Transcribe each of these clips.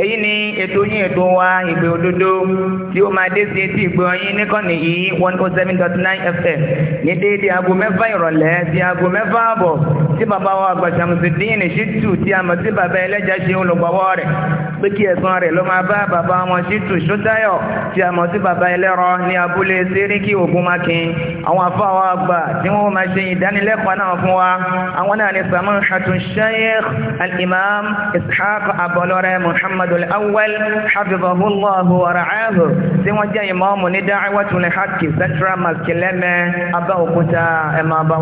èyí ni ètò yín ètò wa ìgbé òdodo tí ó máa dé sí etí ìgbé ọyìn níkànnì yìí one oh seven dot nine fm ní déédéé aago mẹ́fà ìrọ̀lẹ́ sí aago mẹ́fà àbọ̀ tí bàbá wa Ṣàmùsídíìnì Ṣítù tí a mọ̀ sí bàbá ẹlẹ́jà ṣe olùgbọ́wọ́ rẹ̀ pé kí ẹ̀sán rẹ̀ ló máa bá bàbá wọn Ṣítù Ṣótáyọ̀ tí a mọ̀ sí bàbá ẹlẹ́rọ ní abúlé Séríkì Ògúnmákin àwọn afáwọn àgbà tí wọ́n máa ṣe ìdánilẹ́kọ̀ọ́ náà fún wa àwọn náà ni Samahatu Sheikh Al-Imam Ishaq Abọlọ́rẹ́ Muhammad محمد الأول حفظه الله ورعاه سوى جاي مامو ندعوة لحق سترى ما كلمة أبو كتا إما أبو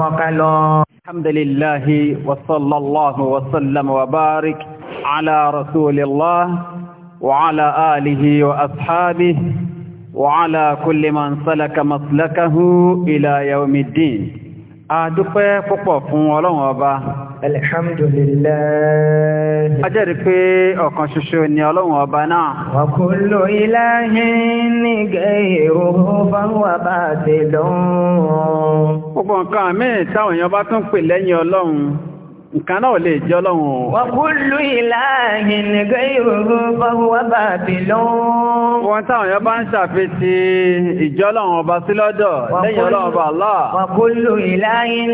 الحمد لله وصلى الله وسلم وبارك على رسول الله وعلى آله وأصحابه وعلى كل من سلك مسلكه إلى يوم الدين Àdúpẹ́ púpọ̀ fún Ọlọ́run ọba. Alhamdulillah. A jẹ́rìí pé ọ̀kan ṣoṣo ni Ọlọ́run ọba náà. Wa kullu ilahin ghayruhu fahuwa batilun. Gbogbo nǹkan míì táwọn èèyàn bá tún pè lẹ́yìn Ọlọ́run nǹkan náà lè jẹ́ ọlọ́run wa kullu ilahin ghayruhu fa huwa batilun wọn táwọn yọ bá ń ṣàfẹ́tí ìjọ ọlọ́run ọba sí lọ́dọ̀ lẹ́yìn ọlọ́run ọba Allah wa kullu ilahin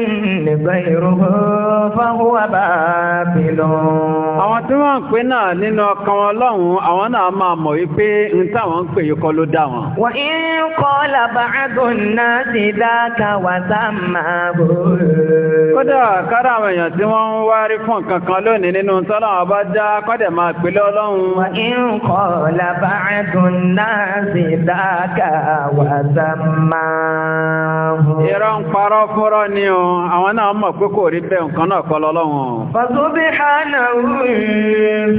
ghayruhu fa huwa batilun àwọn tí wọ́n náà máa mọ̀ wípé ń táwọn ń pè yí ló dá wọn wa in qala ba'dun nasi dhaka wa sammahu kódà kára àwọn èèyàn tí wọ́n ń wárí fún kankan lónìí nínú tọ́lá ọba já kọ́dẹ̀ máa pèlé ọlọ́run. ìǹkọ̀ làbáàdùn náà sì dáàkà wà sàmà. irọ́ ń parọ́ fúnrọ́ ni o àwọn náà mọ̀ pé kò rí bẹ́ẹ̀ nǹkan náà kọ́ lọ́lọ́run. fọ́sùbí hànà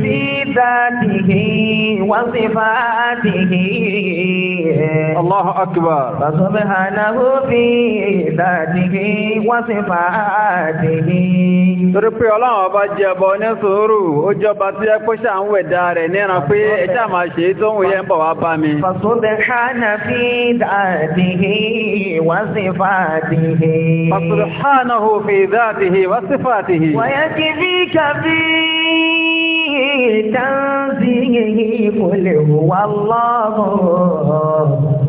fi dáàtìhì wọ́n sì fàátìhì. Allahu akbar. Fọ́sùbí hànà fi dáàtìhì wọ́n sì fàátìhì torí pé ọlọ́run ọba jẹ ọba ní sùúrù ó jọba tí ẹ pé ṣàá ń wẹ̀dá rẹ̀ níran pé ẹjá máa ṣe tó ń yẹ ń bọ̀ wá bá mi. Fàṣọ́bẹ̀hánà fi dáàdìhì wá sí fàdìhì. Fàṣọ́bẹ̀hánà hù fi dáàdìhì wá sí fàdìhì. Wọ́yẹ́ kí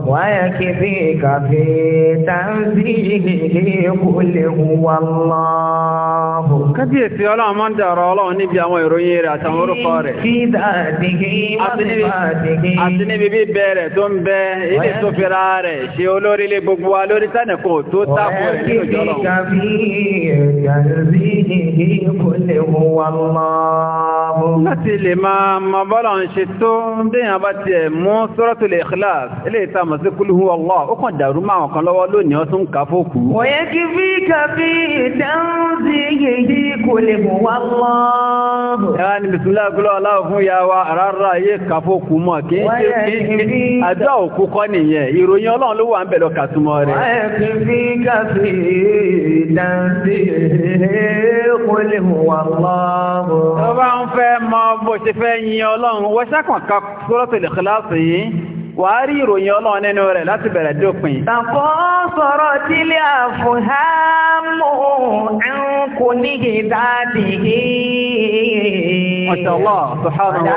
ويكفيك في تنزيله قل هو الله kábíyèsí ọlọ́run máa ń dàrọ ọlọ́run níbi àwọn ìròyìn rẹ̀ àtàwọn orúkọ rẹ̀ àti níbi bí bẹ̀rẹ̀ tó ń bẹ ilé tó fẹ́ra rẹ̀ ṣe olórílé gbogbo wa lórí sánẹ̀kọ́ tó tápọ̀ rẹ̀ nínú ìjọlọ́run láti lè máa mọ bọ́lọ̀ ń ṣe tó bí yàtọ̀ sí kúlù huwa Allah ó kàn dàrú máa wọn kan lọ́wọ́ lónìí ó tún ká fókù. wọ́yẹ́ kí fi kàfí ìdáhùnsí yìí kò lè mú wá lọ. ẹ̀rọ ni bisimilá gbọ́dọ̀ aláwọ̀ fún ya wa rárá yé ká fókù mọ̀ kí n ṣe kí n òkú kọ́ nìyẹn ìròyìn ọlọ́run ló wà ń bẹ̀ lọ kàtúmọ̀ rẹ̀. wọ́yẹ́ kí fi kàfí ìdáhùnsí yìí kò lè mú wá lọ. tó bá ń fẹ́ mọ bó ṣe fẹ́ yin ọlọ́run wọ́ṣẹ́ wà á rí ìròyìn ọlọ́run nínú rẹ̀ láti bẹ̀rẹ̀ dópin. Tàkọ́ sọ̀rọ̀ tí lè àfòhámù ẹnkù ní ìdádìí. Mọ̀ṣọ̀lọ́, Sùhánà wọ́n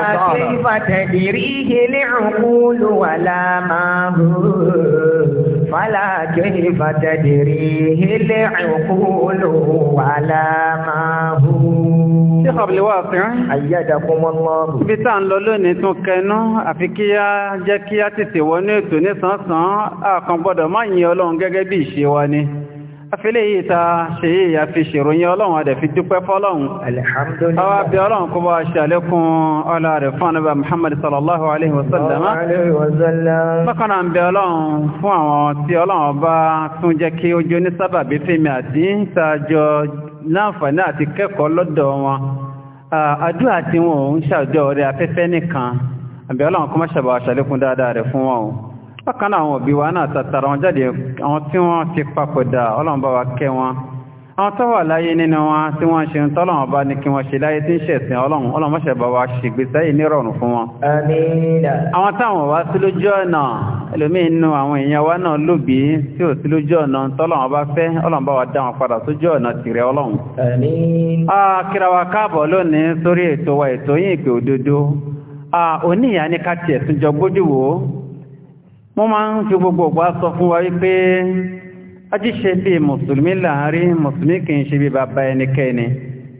الخطاب الواسع أيدكم الله bí tá ń lọ lónìí tún kẹnu àfi kí á jẹ́ kí á tètè wọnú ètò nísànsán àkàn gbọ́dọ̀ má yin ọlọ́run gẹ́gẹ́ bí ìṣe wa ni afẹ́lẹ́ yìí ta ṣe yìí a fi ṣèròyìn ọlọ́run adẹ̀ fi dúpẹ́ fọ́lọ́run alhamdulillah àwọn abẹ́ ọlọ́run kó bá ṣe muhammad sallallahu alaihi wasallam bákanáà ń bẹ ọlọ́run fún àwọn tí ọlọ́run bá tún jẹ́ kí ojú ní sábàbí àti kẹ́kọ̀ọ́ lọ́dọ̀ wọn àdúrà tí wọn ò ń ṣàjọ orí afẹ́fẹ́ nìkan àbí ọlọ́run kọ́ mọ́ṣàbà àṣàlékún dáadáa rẹ̀ fún wọn o bákan náà àwọn òbí wa náà tàtàrà wọn jáde àwọn tí wọ́n ti papòdà ọlọ́run bá wa kẹ́ wọn àwọn tó láyé nínú wọn tí wọ́n ṣe ń tọ́lọ̀wọ̀n bá ní kí wọ́n ṣe láyé tí ń ṣẹ̀sìn ọlọ́run ọlọ́mọ́ṣẹ̀ bá wa ṣègbésẹ́ yìí nírọ̀rùn fún wọn. àwọn táwọn wá sí lójú ọ̀nà ẹlòmíín àwọn èèyàn wa náà lòbí tí ò sí lójú ọ̀nà tọ́lọ̀wọ̀n bá fẹ́ ọlọ́run bá wa dá padà ọjí ṣe bí mùsùlùmí láàrin mùsùlùmí kì í ṣe bí bàbá ẹnikẹ́ni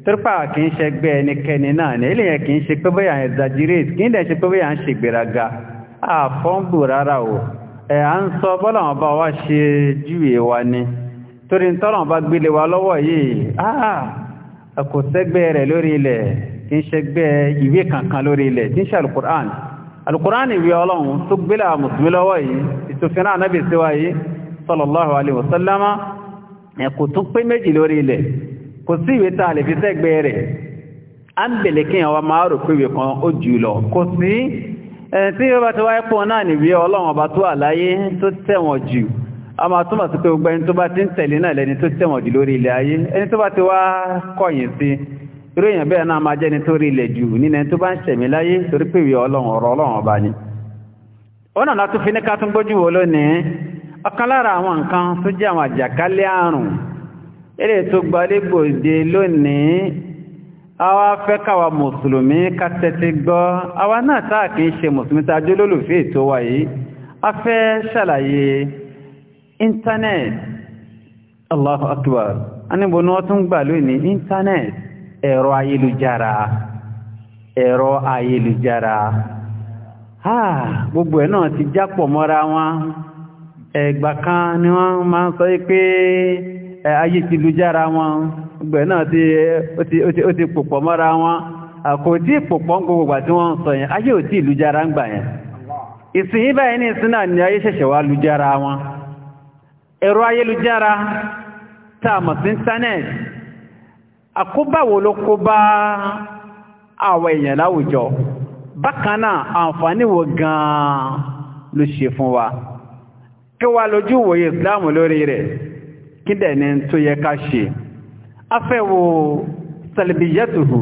tírpà kì í ṣe gbé ẹnikẹ́ni náà ní ilé yẹn kì í ṣe pé bóyá exaggerate kì í dẹ̀ ṣe pé bóyá ń ṣe gbéraga àfọ́nbù rárá o ẹ̀ à ń sọ bọ́làwọn bá wá ṣe júwe wa ni torí ń tọ́làwọn bá gbélé wa lọ́wọ́ yìí kò sẹ́gbẹ́ rẹ̀ lórí ilẹ̀ kì í ṣẹgbẹ́ ìwé kankan lórí ilẹ̀ tí ń ṣe alukur'an alukur'an ìwé ọlọ́run tó gbélé àwọn mùsùlùmí lọ́wọ́ yìí ìtòfinà anábìsíwá yìí sallallahu alaihi wasallama ẹ̀kù tún pé méjì lórí ilẹ̀ kò sí ìwé tàà lè fi sẹ́gbẹ́ rẹ̀ a ń bèlè kí àwọn máa rò pé ìwé kan ó jù lọ kò sí tí ó bá ti wáyé pọ̀ náà nìwé ọlọ́run ọba tó àláyé tó tẹ̀wọ̀n jù a máa túnmọ̀ sí pé gbogbo ẹni tó bá ti ń tẹ̀lé náà lẹ́ni tó tẹ̀wọ̀n jù lórí ilẹ̀ ayé ẹni tó bá ti wá kọ̀yìn sí irú èèyàn bẹ́ẹ̀ náà máa jẹ́ni tó rí ilẹ̀ jù nínú ẹni tó bá ń ṣẹ̀mí láyé torí pé ìwé ọlọ́run ọ̀rọ̀ ọlọ́run ọba ni ó nà látún fi ní ká tún gbójú wo lónìí ọ̀kan lára àwọn nǹkan tó jẹ́ àwọn àjàkálẹ̀ àrùn eré tó gbalẹ́gbò dé lónìí àwa fẹ́ káwà mùsùlùmí ká gbọ́ àwa náà táà kìí ṣe mùsùlùmí tá jẹ́ wa a fẹ́ ṣàlàyé íńtánẹ́ẹ̀tì allahu Ẹgbà kan ni wọ́n ma ń sọ pé ayé ti lu jára wọn gbẹ̀ náà ó ti pòpọ̀ mọ́ra wọn àkò tí pòpọ̀ ń gbogbo tí wọ́n ń sọ yẹn ayé ò tí Isi jára ń gbà yẹn ìsìn báyìí ní ìsìn náà ni ayé ṣẹ̀ṣẹ̀ wá lu jára wọn ẹ̀rọ ayélujára tá a mọ̀ sí íńtánẹ́ẹ̀tì àkóbáwo ló an ló ṣe fún wa. kí wá lójú wòye islam lórí rẹ̀ kí dẹ̀ ni tó yẹ ká ṣe afẹ́wò salbiyatuhu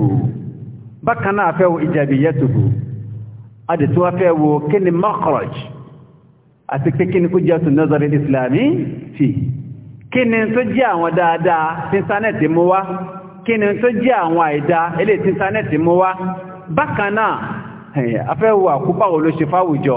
bákan náà afẹ́wò ijabiyatuhu adìtú afẹ́wò kí ni makhraj àti pé kí ni kú jẹ́ tún nazari islami fi kí ni tó jẹ́ àwọn dáadáa tí sánẹ̀tì mú wá kí ni tó jẹ́ àwọn àìdá ilé tí sánẹ̀tì mú wá bákan afẹ́wò àkúpàwò ló ṣe fáwùjọ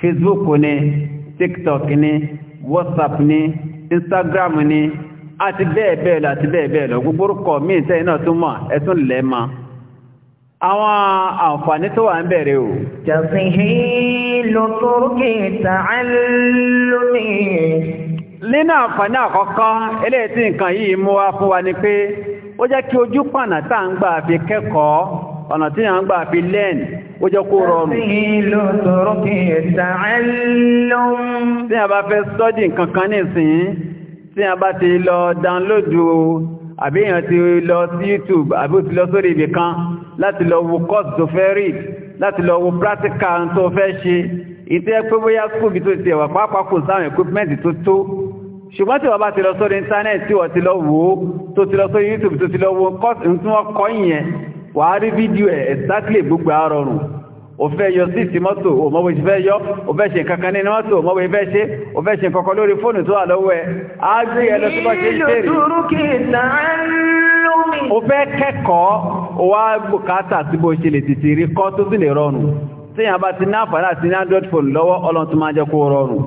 facebook ni tiktok ni whatsapp ni instagram ni àti bẹ́ẹ̀ bẹ́ẹ̀ lọ àti bẹ́ẹ̀ bẹ́ẹ̀ lọ gbogbo orúkọ míì tẹ́yìn náà tún mọ̀ ẹ̀tún lẹ̀ mọ́ àwọn àǹfààní tó wà ń bẹ̀rẹ̀ o. tẹ̀síhìlù tó nínú àǹfààní àkọ́kọ́ eléyìí tí nǹkan yìí mú wá fún wa ni pé ó jẹ́ kí ojú tá à ń gbà ọ̀nà tí a ń gbà fi lẹ́n ó jẹ́ kó rọrùn. tí a bá fẹ́ sọ́dì kankan nìsín tí a bá ti lọ dánlódù àbí èèyàn ti lọ sí YouTube àbí ó ti lọ sórí ibì kan láti lọ wo course tó fẹ́ rí láti lọ wo practical tó fẹ́ ṣe ìtẹ́ pé bóyá school bí tó ti ẹ̀wà pàápàá kò sáwọn equipment tó tó ṣùgbọ́n tí wọ́n bá ti lọ sórí internet tí wọ́n ti lọ wo tó ti lọ sórí YouTube tó ti lọ wo course tí wọ́n kọ́ ìyẹn wà á rí fídíò ẹ̀ exactly gbogbo àárọ̀rùn o fẹ́ yọ sí mọ́tò o mọ́wé ti fẹ́ yọ o fẹ́ ṣe kankan mọ́tò o mọ́wé fẹ́ ṣe o fẹ́ ṣe kankan lórí fóònù tó wà lọ́wọ́ ẹ̀ á lọ sí ṣe rí o fẹ́ kẹ́kọ̀ọ́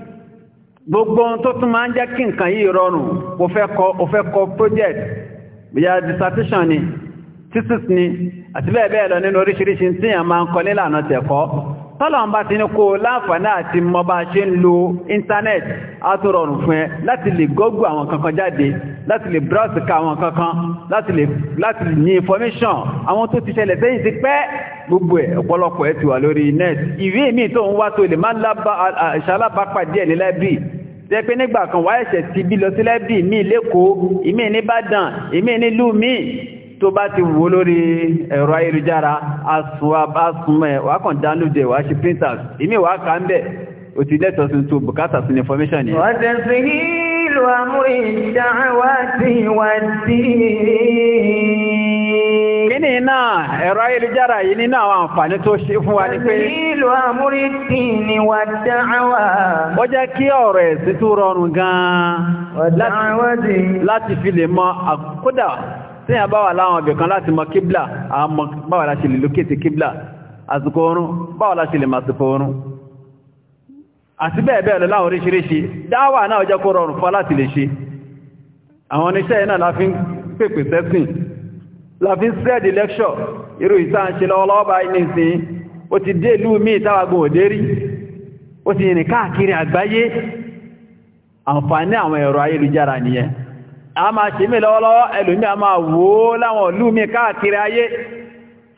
gbogbo ohun tó tún máa ń jẹ́ kí nǹkan yìí rọrùn o fẹ́ kọ o fẹ́ kọ project bóyá dissertation ni thesis ni àti bẹ́ẹ̀ bẹ́ẹ̀ lọ nínú oríṣiríṣi tí èèyàn máa ń kọ nílànà tẹ̀kọ́ tọ́lọ̀n bá ti ní kó láǹfààní àti mọ bá ṣe ń lo internet àtọrọrùn fún ẹ láti lè gọ́gù àwọn kankan jáde láti lè browse ka àwọn kankan láti lè ní information àwọn tó ti ṣẹlẹ̀ sẹ́yìn ti pẹ́ gbogbo ẹ̀ ọ̀pọ̀lọpọ̀ ẹ̀ ti wà lórí net ìwé mi tó ń wá tó lè máa ṣalábàápàdé ẹ̀ ní library tẹ́ pé nígbà kan wáyẹ̀ṣẹ̀ ti bí lọ sí library mi lẹ́kọ̀ọ́ ìmí ní Ìbàdàn ìmí nílùú mi tó bá ti wò lórí ẹ̀rọ ayélujára asùnmọ̀ wà kàn dánlójẹ wà ṣe printers ìmí wà ká ń bẹ̀ o ti lẹ́tọ̀ sí tó bùkátà sí information yìí. wọ́n tẹ̀ sí ìlú àmúrí ìdáwà sí wà sí kíní náà ẹ̀rọ ayélujára yìí nínú àwọn àǹfààní tó ṣe fún wa ní pé ìlú àmúrí tí ni wà dáwà ó jẹ́ kí ọ̀rọ̀ ẹ̀sìn tó rọrùn gan-an láti fi lè mọ àkódà tí a bá wà láwọn ọ̀bẹ̀kan láti mọ kíblà àmọ́ báwà láti lè lókètè kíblà àsìkò oorun báwà láti lè màsìkò oorun àti bẹ́ẹ̀ bẹ́ẹ̀ lọ láwọn oríṣiríṣi dáwà náà jẹ́ kó rọrùn fún láti lè ṣe àwọn oníṣẹ́ iná láfi ń pèpè sẹ́sìn láfi ń sẹ́ẹ̀dì lẹ́kṣọ̀ irú ìta lọ́wọ́lọ́wọ́ bá a máa ṣe mí lọ́wọ́lọ́wọ́ ẹlòmí a máa wó láwọn ìlú mi káàkiri ayé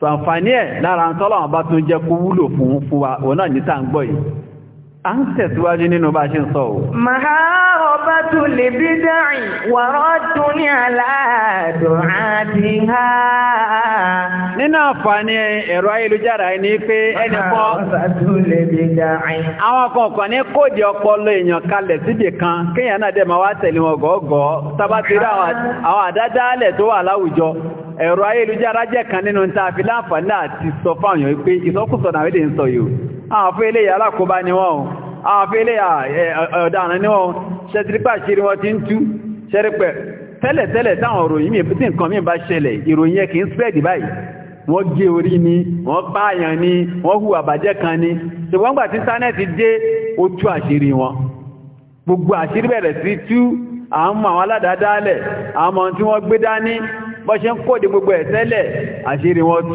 sànfàní ẹ̀ lára ń tọ́lọ̀ àbá tún jẹ́ kó wúlò fún fún wa òun náà ní tàǹgbọ̀ yìí a nínú bá ṣe ń sọ lè bí dáì wọ̀rọ̀ tún ní aláàdùn àti ha. Nínú àǹfààní ẹ̀rọ ayélujára ni pé ẹni kan. Maharabatu lè bí dáì. Àwọn kọ̀ọ̀kan ní kóòdì ọpọlọ èèyàn kalẹ̀ wá ẹ̀rọ ayélujára jẹ́ kan nínú ta fi láǹfààní àti sọ fáwọn wípé ìsọkúsọ náà wílé ń sọ yìí àwọn fún ilé alákòóbá ni wọ́n àwọn fún ilé ọ̀daràn ni wọ́n ṣẹ́tìrípà ṣírí wọ́n ti ń tú ṣẹ́rípẹ̀ tẹ́lẹ̀tẹ́lẹ̀ táwọn òròyìn mi mi ni wọ́n pààyàn ni wọ́n hùwà bàjẹ́ kan ni ṣùgbọ́n gbà tí sánẹ́ẹ̀tì dé ó tú àṣírí wọn bọ́ ṣe ń kóde gbogbo ẹ̀ tẹ́lẹ̀ àṣírí wọn tú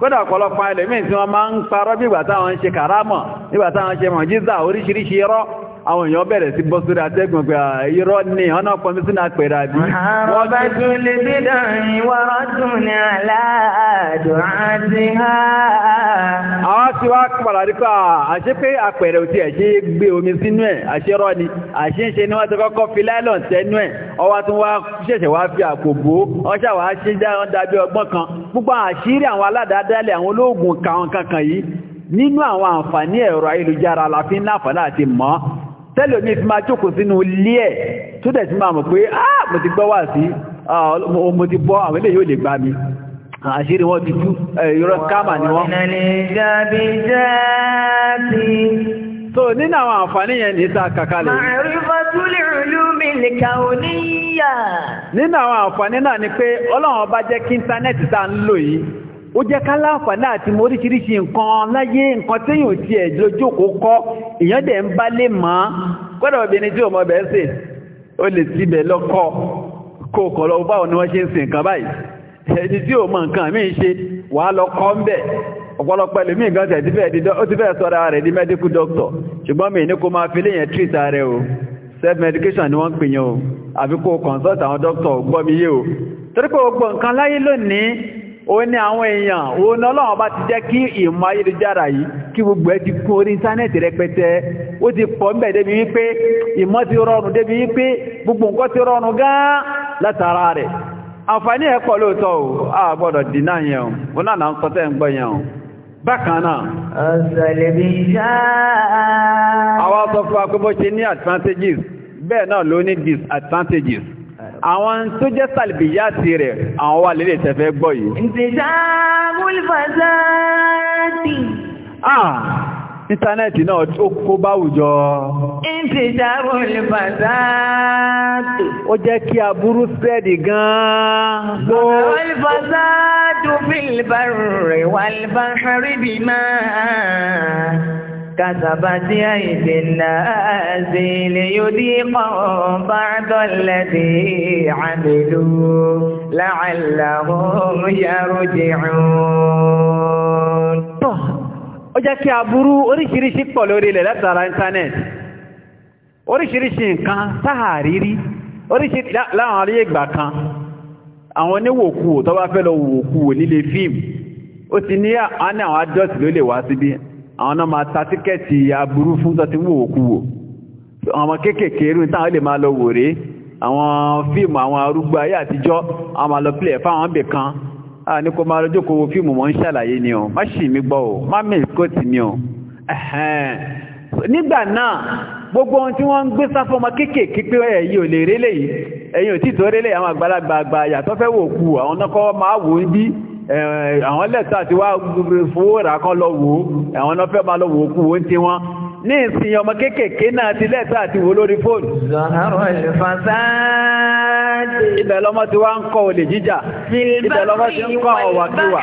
kódà ọ̀pọ̀lọpọ̀ ẹlòmíì tí wọ́n máa ń parọ́ bí ìgbà táwọn ń ṣe kàrámọ̀ nígbà táwọn ń ṣe mọ̀jíza oríṣiríṣi irọ́ àwọn èèyàn bẹ̀rẹ̀ sí bọ́ sórí atẹ́gùn pé ah, irọ́ ni ọ̀nà pọnmi sínú apẹ̀rẹ̀ àbí. wọ́n bá tún lè bí dàrin wọ́n tún ní aláàdùn àti ha. àwọn tí wàá padà rí pa ah, àṣé pé apẹ̀rẹ̀ ò tiẹ̀ ṣe é gbé omi sínú ẹ̀ àṣé rọ́ ni àṣé ń ṣe ni wọ́n ti kọ́kọ́ fi láìlọ́n tẹ́nu ẹ̀ ọwọ́ tún wá ṣẹ̀ṣẹ̀ wá fi àpò bò ó ọṣà nínú àwọn àǹfààní ẹ̀rọ ayélujára la fi ń láǹfààní àti mọ́ tẹ́lẹ̀ mi fi máa jókòó sínú ilé tó dẹ̀ ti máa mọ̀ pé ah mo ti gbọ́ wà sí ah, mo ti bọ́ àwọn ilé yóò lè gbá mi àṣírí wọn ti tú ẹ̀yọ́rọ̀ káàmà ni wọ́n so nínú àwọn yẹn ní ìta kàkàlẹ̀ nínú àwọn náà ni pé Ọlọ́run bá jẹ́ kí íńtánẹ́ẹ̀tì tá ń lò yìí ó jẹ́ ká láǹfààní àti mọ oríṣiríṣi nǹkan láyé nǹkan téèyàn ti ẹ̀ lójókòó kọ́ èèyàn dẹ̀ ń bá lè mọ́ kọ́dà obìnrin tí ọmọ bẹ̀ẹ́ sè ó lè síbẹ̀ lọ́kọ́ kó o kọ̀ lọ báwo ni wọ́n ṣe ń sin nǹkan báyìí ẹni tí ò mọ nǹkan míì ṣe wàá lọ kọ́ ń bẹ̀ ọ̀pọ̀lọpọ̀ ẹlòmí nǹkan tẹ̀ ó ti fẹ́ sọ́ra rẹ̀ di medical doctor ṣùgbọ́n mi ní kó máa fi treat ààrẹ o self medication ni wọ́n ń ó ní àwọn èèyàn òun ọlọ́run bá ti jẹ́ kí ìmọ̀ ayélujára yìí kí gbogbo ẹ ti kún orí rẹpẹtẹ ó ti pọ̀ ń bẹ̀ débi wípé ìmọ̀ ti rọrùn débi wípé gbogbo nǹkan ti rọrùn gaa látara rẹ̀ àǹfààní ẹ̀ lóòótọ́ o dínà yẹn ó náà náà ń sọ àwọn tó jẹ́ sàlìbìyà ti rẹ̀ àwọn wà lélẹ̀ tẹ́fẹ́ gbọ́ yìí. ìtẹ̀sà ah íńtánẹ́ẹ̀tì náà ó kó bá àwùjọ. ìtẹ̀sà múlùfàṣà ti. ó jẹ́ kí aburú sẹ́ẹ̀dì gan-an. múlùfàṣà tó fi lè bá rẹ̀ wà lè bá rí bí máa. كسبت أيدي الناس ليذيقهم بعض الذي عملوا لعلهم يرجعون ó jẹ́ kí aburú oríṣiríṣi pọ̀ lórí ilẹ̀ látara íńtánẹ́ẹ̀tì oríṣiríṣi nǹkan sáàrírí oríṣiríṣi láwọn arí ìgbà kan àwọn oníwòkúwò tó bá fẹ́ lọ wòkúwò nílé fíìmù ó ti ní àwọn adọ́sì ló lè wá síbí àwọn náà máa ta tíkẹ́ẹ̀tì aburú fún tọ́tí wò òkú wò ọmọ kéékèèké irú táwọn lè máa lọ wò rèé àwọn fíìmù àwọn arúgbó ayé àtijọ́ àwọn máa lọ pílẹ̀ fáwọn bè kan a ní kó máa lọ jókòó wo fíìmù mọ́ ń ṣàlàyé ni o má ṣì mí gbọ́ o má mí kóòtì mi o nígbà náà gbogbo ohun tí wọ́n ń gbé sáfọ́ ọmọ kéékèèké pé ẹ̀yin ò lè rélé yìí ẹ̀yin ò tí tó rélé àwọn àgbàlagbà àgbà yàtọ̀ wò kú àwọn náà máa wò ń bí àwọn lẹ́tà ti wá fowó rà kán lọ wò àwọn ọ̀nà fẹ́ bá lọ wò kú wọ́n tí wọ́n ní ìsìn ọmọ kéékèèké náà ti lẹ́tà àti wò lórí fóònù. zọ̀nàrọ̀ ìfàsáàdì. ibẹ̀ lọ́mọ ti wá ń kọ́ olè jíjà. ibẹ̀ lọ́mọ ti ń kọ́ ọ̀wàkiwà.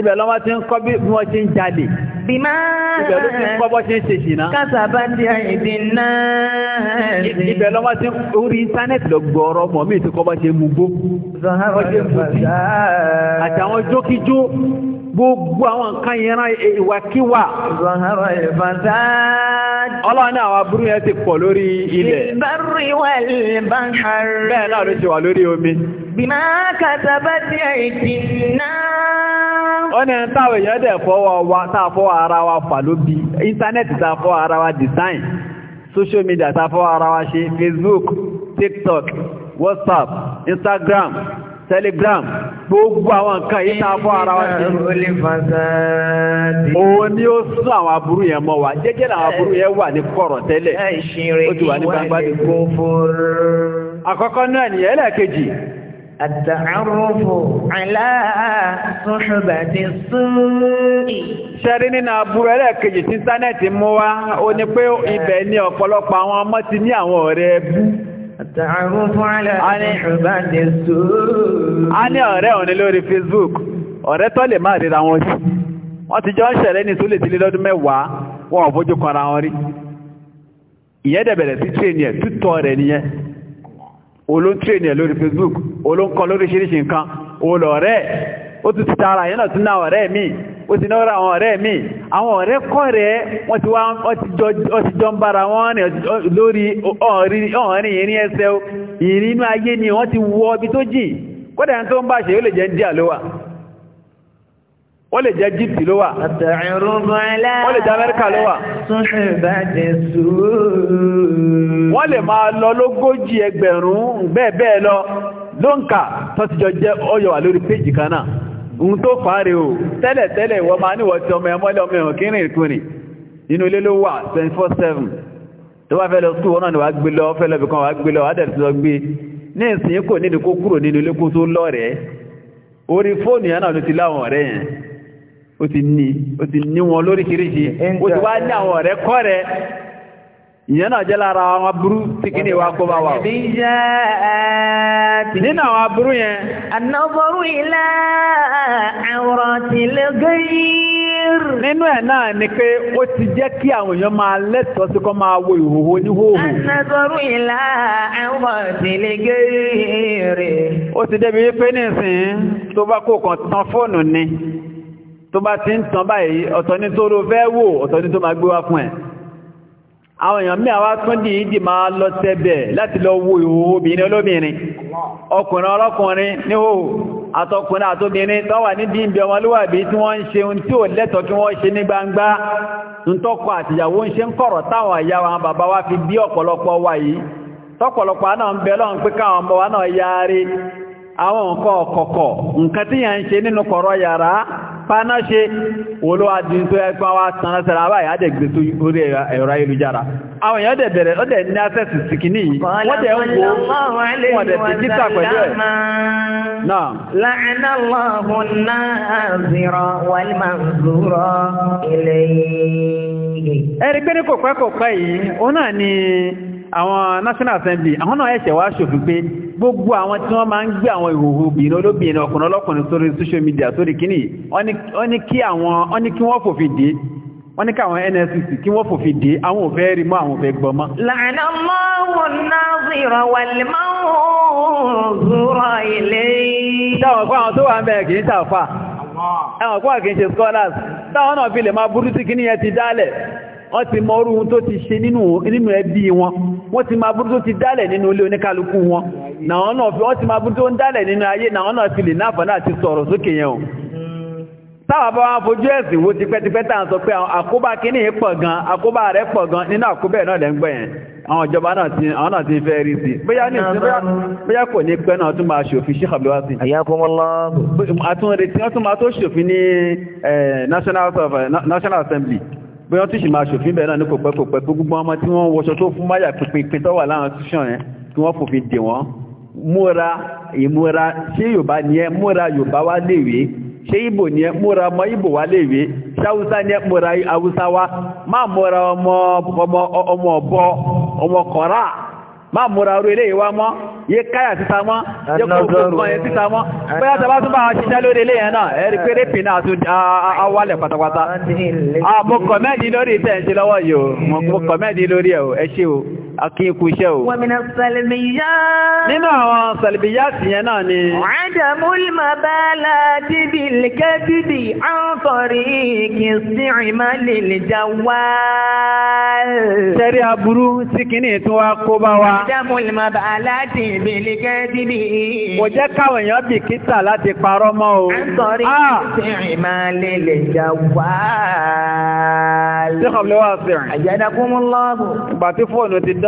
ibẹ̀ lọ́mọ ti ń kọ́ bí wọ́n ti ń jalè. bímá ti ń kọ́ bọ́ ti ń ṣe ṣìnà. kásábà ti àìdí náà. ibẹ̀ ti ń orí íńtánẹ́ẹ̀tì lọ gbọ́ọ̀rọ̀ mọ̀ mí ti kọ́ bọ́ ti ń mugbó. zọ̀nàrọ̀ àtàwọn jókíjó gbogbo àwọn nǹkan yẹn ìwàkíwà. zọ̀hárà ìfàsáàdì. ọlọ́run ní àwọn aburú yẹn ti pọ̀ lórí ilẹ̀. ìbárò ìwà ìbáhàr. bẹ́ẹ̀ náà ló ti wà lórí omi. bìmá kàtàbá ti àìtì náà. ó ní táwọn èèyàn dẹ̀ fọwọ́ wa tá a fọwọ́ ara wa fà ló bi íńtánẹ́ẹ̀tì tá a fọwọ́ ara wa design social media tá a fọwọ́ ara wa ṣe Facebook TikTok WhatsApp Instagram. telegram gbogbo àwọn nǹkan yìí tá ara wa sí. ni ó sún àwọn aburú yẹn mọ́ wa jẹ́jẹ́ làwọn aburú yẹn wà ní kọ̀rọ̀ tẹ́lẹ̀ ó ti wà ní gbangba ní àkọ́kọ́ náà Àtàrúfò súnmí. Ṣẹ́rí nínú aburú ẹlẹ́ẹ̀kejì tí Sánẹ́ẹ̀tì mú wá, ó ní pé ibẹ̀ ni ọ̀pọ̀lọpọ̀ àwọn ọmọ ti ní Àtàrúfún aláàrẹ̀ A ní ọ̀rẹ́ òní lórí Facebook, ọ̀rẹ́ tó lè máa ríra wọn sí. Wọ́n ti jọ ń ṣẹ̀rẹ́ ní ìtúlẹ̀ tí lọ́dún mẹ́wàá wọn wọn rí. sí ẹ̀ tútọ́ rẹ̀ nìyẹn. ẹ̀ lórí Facebook, kọ nǹkan, ó tún ti tún náà ọ̀rẹ́ míì. ó ti náwó àwọn ọ̀rẹ́ mi àwọn ọ̀rẹ́ kọ́ rẹ̀ wọ́n ti wá ọtijọ́ ń bára wọn lórí ọ̀rìn ìrìn ẹsẹ̀ ìrìn inú ayé ni wọ́n ti wọ ibi tó jìn kódà tó ń bá ṣe ó lè jẹ́ díà ló wà ó lè jẹ́ Egypt ló wà ó lè jẹ́ Amẹ́ríkà ló wà wọ́n lè máa lọ lógójì ẹgbẹ̀rún bẹ́ẹ̀ bẹ́ẹ̀ lọ ló tó ti jọ jẹ́ ọyọ̀wà lórí péjì kan ń tó fàárẹ̀ o tẹ́lẹ̀tẹ́lẹ̀ wọ́n máa níwọ̀ tí ọmọ ẹmọ́lẹ̀ ọmọ ẹ̀hàn kírìn ìkúnrin inú ilé ló wà 24/7 tó bá fẹ́ lọ sí wọn náà ni wà gbé lọ fẹ́ lọ́bì kan wà gbé lọ adẹ̀ tí lọ gbé ní ìsìn kò nídìí kó kúrò nínú ilé kó tó lọ́rẹ̀ orí fóònù yẹn náà ló ti láwọn ọ̀rẹ́ yẹn ó ti ní ó ti ní wọn lóríṣiríṣi ó ti wá ní àwọn ọ̀rẹ́ kọ́rẹ́ ìyẹn náà jẹ́ lára àwọn aburú tí kí ní ìwà kó bá wà ó. nínú àwọn aburú yẹn. ànábọ̀rú ilá àwòrán ti lè gẹ́yìr. nínú ẹ̀ náà ni pé ó ti jẹ́ kí àwọn èèyàn máa lẹ́tọ̀ọ́ sí kó máa wo ìhòhò oníhòhò. ànábọ̀rú ilá àwòrán ti lè gẹ́yìr. ó ti débi àwọn èèyàn mẹ́ àwá tún dì ma máa lọ tẹ́bẹ̀ láti lọ wo ìhòhò olóbìnrin ọkùnrin ọlọ́kùnrin níhò àtọkùnrin àtóbìnrin tó wà ní dìbẹ̀ wọn tí wọ́n ń ṣe ohun tí ò lẹ́tọ̀ kí wọ́n ṣe ní gbangba ń àtìyàwó ń ṣe ń kọ̀rọ̀ táwọn wa fi wa wa paná ṣe olówádí tó ẹgbẹ́ wá tanná sẹ́ra báyìí àdẹ̀gbé tó orí ẹ̀rọ ayélujára àwọn èèyàn dẹ̀ bẹ̀rẹ̀ ọdẹ̀ ní access sí yìí wọ́n dẹ̀ ń wo wọ́n dẹ̀ àwọn national assembly àwọn náà ẹ̀ṣẹ̀ wá ṣòfin pé gbogbo àwọn tí wọ́n máa ń gbé àwọn ìhòhò obìnrin olóbìnrin ọkùnrin ọlọ́kùnrin sórí social media sórí kíní wọ́n ní kí wọ́n fòfin dé àwọn ò rí mọ́ àwọn ò fẹ́ gbọ́ mọ́. wọn náà wọ́n ti mọ tó ti ṣe nínú ẹbí wọn wọ́n ti máa burú tó ti dálẹ̀ nínú ilé oníkálukú wọn náà náà fi wọ́n ti máa burú tó ń dálẹ̀ nínú ayé náà náà ti lè náàfà náà ti sọ̀rọ̀ sókè yẹn o táwà bá wọn fojú ẹ̀sìn wo ti pẹ́tipẹ́ta sọ pé àkóbá kíní pọ̀ gan àkóbá rẹ̀ pọ̀ gan nínú àkóbẹ̀ náà lẹ́ngbẹ̀ yẹn àwọn ìjọba náà ti fẹ́ rí sí bóyá kò ní pẹ́ náà tún máa ṣòfin sí àbúwá sí àyàkọ́mọ́lá bí wọ́n tún sì máa ṣòfin bẹ̀rẹ̀ náà ní kòpẹ́kòpẹ́ pé gbogbo ọmọ tí wọ́n wọṣọ tó fún máyà pínpín tó wà láwọn tíṣàn yẹn kí wọ́n fòfin dè wọ́n múra ìmúra ṣé Yorùbá ni ẹ múra Yorùbá wá léèwé ṣé Ìbò ni ẹ múra ọmọ Ìbò wá léèwé ṣé Haúsá ni ẹ múra Haúsá wá má múra ọmọ ọmọ ọmọ ọbọ ọmọ kọ̀ọ̀rà má múra orí eléyìí wá mọ́ yé káyà síta mọ́ yé kòkòrò yẹn síta mọ́ bóyá tàbá tún bá ṣiṣẹ́ lórí ilé yẹn náà ẹ̀rí pé rẹ́pì náà tún awalẹ̀ pátápátá ah, mo kọ̀mẹ́ẹ̀dì lórí tẹ̀ ń ṣe lọ́wọ́ yìí o mo kọ̀mẹ́ẹ̀dì lórí ẹ̀ o ẹ ṣé o akínkú iṣẹ́ o. wọ́n mìnà sàlìbìyá. nínú àwọn sàlìbìyá ti yẹn náà ni. ọ̀dàmúlùmá bá ládìbì lẹ́kẹ́bìbì àǹfọ̀rí kì í sí ìmá lè lè já wá. sẹ́rí aburú tí kìíní tún wá kó bá wa. ọ̀dàmúlùmá bá ládìbì lẹ́kẹ́bìbì. kò jẹ́ káwọn èèyàn bìkítà láti parọ́ mọ́ o. àǹfọ̀rí kì í sí ìmá lè lè já wá. sẹ́kọ̀ọ́ bí wọ́n á sẹ́rìn. àjẹ́dàkúnmọ́ lọ́ọ̀bù. ìgbà tí fóònù ti d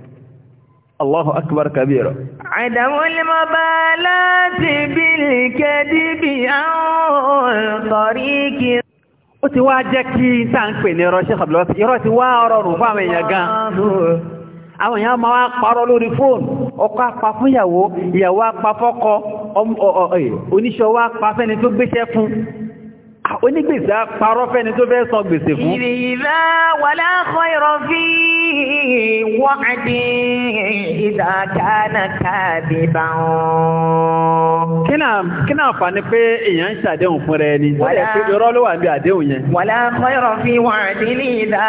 الله أكبر كبيرا عدم المبالاة بالكذب أو طريق ó ti wá jẹ́ kí tá ń pè ní irọ́ ṣe kàbílọ́ sí irọ́ ti wá rọrùn fún àwọn èèyàn gan àwọn èèyàn máa wá parọ́ lórí fóònù ọkọ apá fún ìyàwó ìyàwó apá fọ́kọ oníṣẹ́ wá pa fẹ́ni tó gbéṣẹ́ fún ah, onígbèsè parọ́ fẹ́ni tó fẹ́ fi wọ́n ìdá kánà káàbì bá wọn. kí náà fà ní pé èèyàn ń ṣàdéhùn fún rẹ ni wọ́n lè fi irọ́ ló wà bí àdéhùn yẹn. wàlá kọ́yọ̀rọ̀ fi wọ́n àdé ní ìdá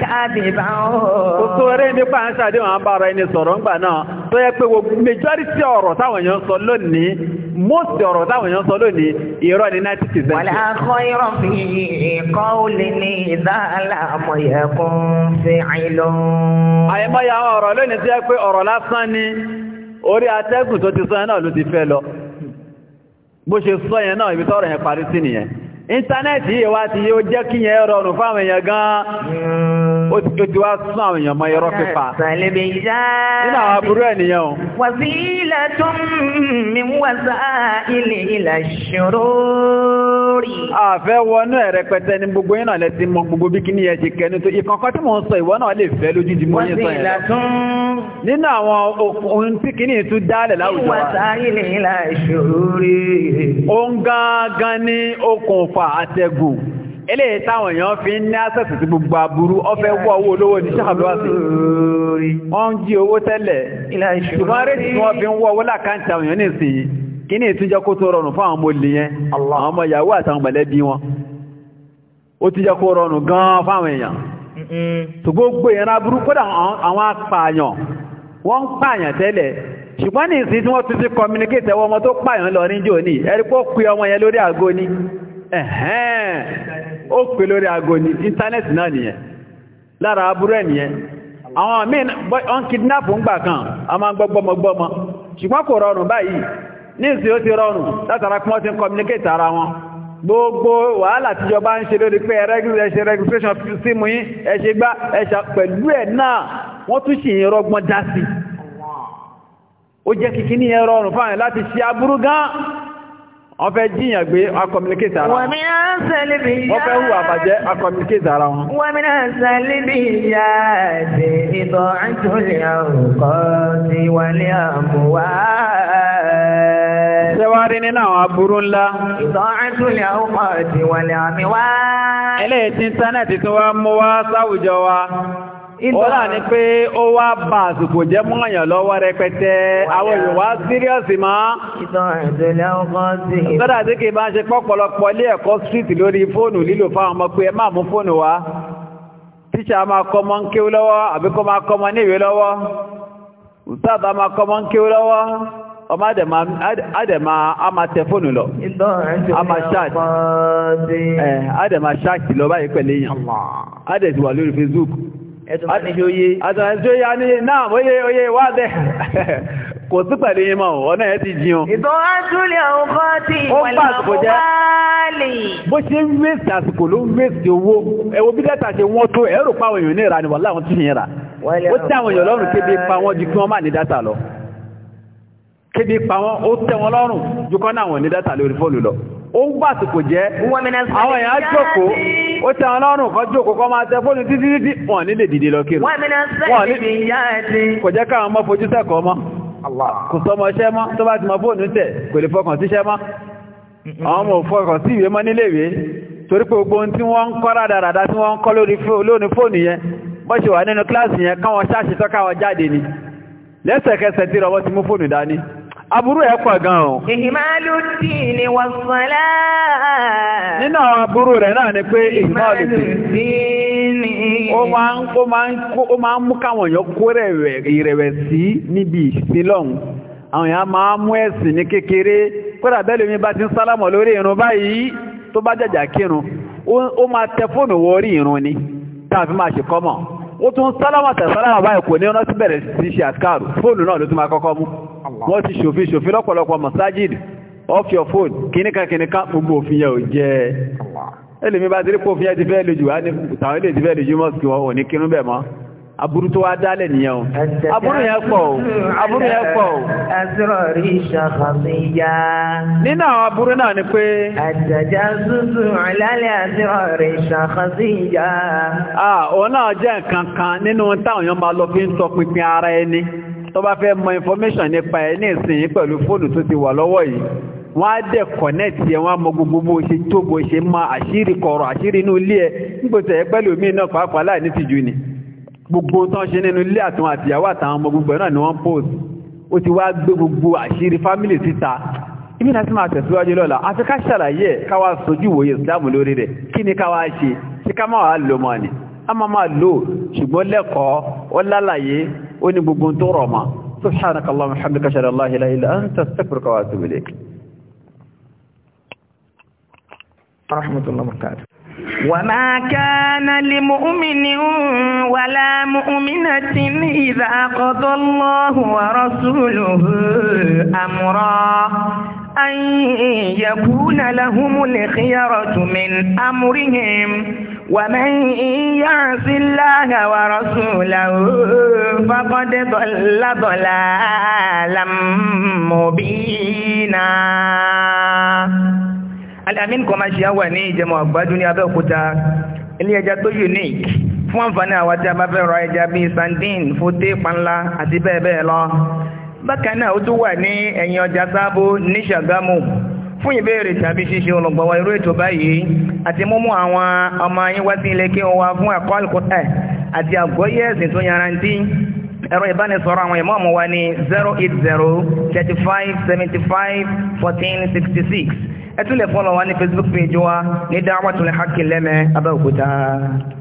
káàbì bá wọn. kò tó rẹ́ nípa ṣàdéhùn àbára ẹni sọ̀rọ̀ ńgbà náà tó yẹ pé majority ọ̀rọ̀ táwọn èèyàn sọ lónìí most ọ̀rọ̀ táwọn èèyàn sọ lónìí irọ́ ni 90%. wàlá akọ́ irọ́ fi ìkọ́ olè ní ìdáàlà àmọ̀yẹ̀kún fi àìlọ́. àyẹ̀mọ́yà íńtánẹ́ẹ̀tì yìí wá ti yíó jẹ́ kí yẹn rọrùn fáwọn èèyàn gan-an hmm. ó ti kejì wá sún àwọn èèyàn mọ́ irọ́ pípa nínú àwọn aburú ènìyàn o. wasilatun min wasaili ila shururi. àfẹ́ wọnú ẹ̀ rẹpẹtẹ ní gbogbo yín náà lẹ́sìn mọ gbogbo bí kíní yẹn ti kẹnu tó ìkọ̀kọ́ tí mò ń sọ ìwọ náà lè fẹ́ lójijì mọ́ yín sọ yẹn lọ. nínú àwọn ohun tí kíní tún dálẹ̀ láwùjọ wa. shururi. ó ń gángan ní okùn okùnfà àtẹ̀gùn eléyìí táwọn èèyàn fi ń ní àṣẹ̀sì sí gbogbo àbúrú ọfẹ́ wọ owó olówó ní ṣàlùwàsí wọ́n ń jí owó tẹ́lẹ̀ ṣùgbọ́n rẹ́tì tí wọ́n fi ń owó lákàntì àwọn èèyàn nìsín kí ní ìtújẹ́ kó tó rọrùn ọmọ olè yẹn àwọn ọmọ ìyàwó àtàwọn mọ̀lẹ́bí wọn ó ti jẹ́ kó fáwọn èèyàn ṣùgbọ́n ní ìsìn tí wọ́n tún ti communicate ẹwọ́ ọmọ tó pààyàn lọ ní jòní ẹ̀rí pé ó ọmọ yẹn lórí ẹ̀hẹ́n ó pè lórí aago ní íńtánẹ́ẹ̀tì náà nìyẹn lára aburú ẹ̀ àwọn míín ọ́n kidnap ń gbà kan a ma ń gbọ́gbọ́mọgbọ́mọ ṣùgbọ́n kò rọrùn báyìí ní ìsìn ó ti rọrùn látara kí wọ́n ti ń communicate ara wọn gbogbo wàhálà tíjọba ń ṣe lórí pé ẹ̀ṣẹ̀ registration ẹ̀ṣẹ̀ gbá ẹ̀ṣẹ̀ pẹ̀lú wọ́n tún ṣì ń sí ó jẹ́ kìkí ní fáwọn láti ṣe aburú wọ́n fẹ́ jíyàn gbé akọmílíkéta ara wọn wọ́n fẹ́ hùwà bàjẹ́ akọmílíkéta ara wọn. wọ́n mi náà sálíbì yá ṣe ìbọn àtúnlẹ̀ ọkọ̀ ti wálé àbúwá. ṣẹ́wárí nínú àwọn aburú ńlá. ìbọn àtúnlẹ̀ ọkọ̀ ti wálé àmì wá. eléyìí Ọlá ni pé ó wá bá àsìkò jẹ́ mọ́yàn lọ́wọ́ rẹpẹtẹ, àwọn ìwà síríọ̀sì máa. Sọ́dá tí kìí bá ń ṣe pọ́pọ̀lọpọ̀ ilé ẹ̀kọ́ street lórí fóònù lílò fáwọn ọmọ pé ẹ máa mú fóònù kọmọ ma kọmọ a ma tẹ fóònù lọ a ma ṣáàtì ṣáàtì lọ báyìí pẹ̀lú wà lórí Facebook àtàṣíyóyé náà oyé oyé wádẹ́ kò tí pẹ̀lú yí mọ̀ ọ̀nà ẹ̀ ti jíun ìbọn ájúlẹ̀ ọkọ̀ tí ìwọ̀lẹ̀ bó ṣe ń wéṣì àsìkò ló ń wéṣì owó ẹwọ bí dẹ́ta ṣe wọ́n tó ẹ̀rù páwọn èèyàn ní ìra ni tí ìyẹn rà ó ó ń gbà àsìkò jẹ́ àwọn èèyàn jòkó ó tẹ àwọn ọlọ́run kan jòkó kọ́ máa tẹ fóònù títí títí wọ́n nílè dìde lọ kírun kò jẹ́ káwọn mọ́ fojú sẹ́kọ̀ọ́ mọ́ kò sọmọ iṣẹ́ mọ́ tó bá ti mọ fóònù tẹ̀ kò lè fọkàn síṣẹ́ mọ́ àwọn ọmọ òfọkàn sí ìwé mọ́ níléèwé torí pé gbogbo ohun tí wọ́n ń kọ́ rádaràda tí wọ́n ń kọ́ lórí fóònù yẹn bọ́ ṣe wà nínú kíláàsì yẹn káwọn jáde ni lẹ́sẹ̀kẹsẹ̀ tí rọwọ́ ti mú fóònù dání aburú ẹ̀ pọ̀ gan o. ni wọ́n sọ́lá. nínú àwọn aburú rẹ̀ náà ni pé ìhìmáàlù ni. ó máa ń ó máa ń ó máa ń mú káwọn èèyàn kó ìrẹ̀wẹ̀sì níbi ìsílọ̀hún àwọn èèyàn máa ń mú ẹ̀sìn ní kékeré kódà bẹ́ẹ̀ lómi bá ti ń sálámọ̀ lórí irun báyìí tó bá jàjà kírun ó máa tẹ fóònù wọ irun ni táàfi máa ṣe kọ́mọ̀ ó tún sálámọ̀ tẹ̀ báyìí kò ní ọ́nà sí sí ṣe àkàrò fóònù náà ló tún máa kọ́kọ́ mú. wọ́n ti ṣòfin ṣòfin lọ́pọ̀lọpọ̀ masajid off your phone kìnníkan kìnníkan gbogbo òfin yẹ ò jẹ́ ẹlòmí bá tírí pòfin ẹ ti fẹ́ lójú wá ní tàwọn ilé ti fẹ́ lójú mọ́sùkì wọn ní kírun bẹ̀ mọ́ aburú tó wá dálẹ̀ nìyẹn o aburú yẹn pọ̀ o aburú yẹn pọ̀ o. àtúrọ̀ rí ṣàkàmìyà. nínú àwọn aburú ni pé. àjàjà zúzù àlálẹ̀ àtúrọ̀ rí ṣàkàmìyà. òun náà jẹ́ nǹkan kan nínú táwọn èèyàn máa lọ fi tó bá fẹ́ mọ information nípa ẹ̀ ní ìsìn pẹ̀lú fóònù tó ti wà lọ́wọ́ yìí wọ́n á dẹ̀ connect yẹn wọ́n á mọ gbogbo bó ṣe tó bó ṣe mọ àṣírí kọ̀rọ̀ àṣírí inú ilé ẹ̀ nígbòtò ẹ̀ pẹ̀lú mi náà pàápàá láì ní tìjú ni gbogbo tán ṣe nínú ilé àtàwọn àtìyàwó àtàwọn ọmọ gbogbo náà ni wọ́n post ó ti wá gbé gbogbo àṣírí family síta ibi náà sì máa tẹ̀síwájú lọ́la àfi ká ṣàlàyé káwa sojú wòye ìsìláàmù lórí rẹ̀ kí ni káwa ṣe ṣe ká má wàá lò mọ́ ni a máa máa lò ṣùgbọ́n lẹ́kọ̀ọ́ ó lálàyé وين بوغون توروما سبحانك اللهم وبحمدك اشهد ان لا اله الا انت استغفرك واتوب اليك رحمه الله وبركاته وما كان لمؤمن ولا مؤمنة إذا قضى الله ورسوله أمرا أن يكون لهم الخيرة من أمرهم ومن يعص الله ورسوله فقد ضل ضلالا مبينا Al-Amin commercial wà ní ìjẹmọ̀ àgbájú ní Abẹ́òkúta ilé unique fún àǹfààní àwọn tí a bá fẹ́ ra ẹja bíi sandin fóté panla àti bẹ́ẹ̀ bẹ́ẹ̀ lọ bákan náà ó tún wà ní ẹ̀yìn ọjà sábó ní Ṣàgámù fún ìbéèrè tàbí ṣíṣe olùgbọ̀wọ́ irú ètò báyìí àti múmú àwọn ọmọ yín wá sí ilé kí wọ́n wá fún ẹ̀kọ́ àlùkùtẹ̀ àti àgbọ́yé ẹ̀sìn tó yarantí ẹ̀rọ ìbánisọ̀rọ̀ àwọn ìmọ̀ọ̀mù wa ní 080 35 75 14 66 ẹ tún lè fọ́lọ̀ wa ní Facebook page wa ní Da'watul Haqqi lẹ́mẹ̀ẹ́ Abẹ́òkúta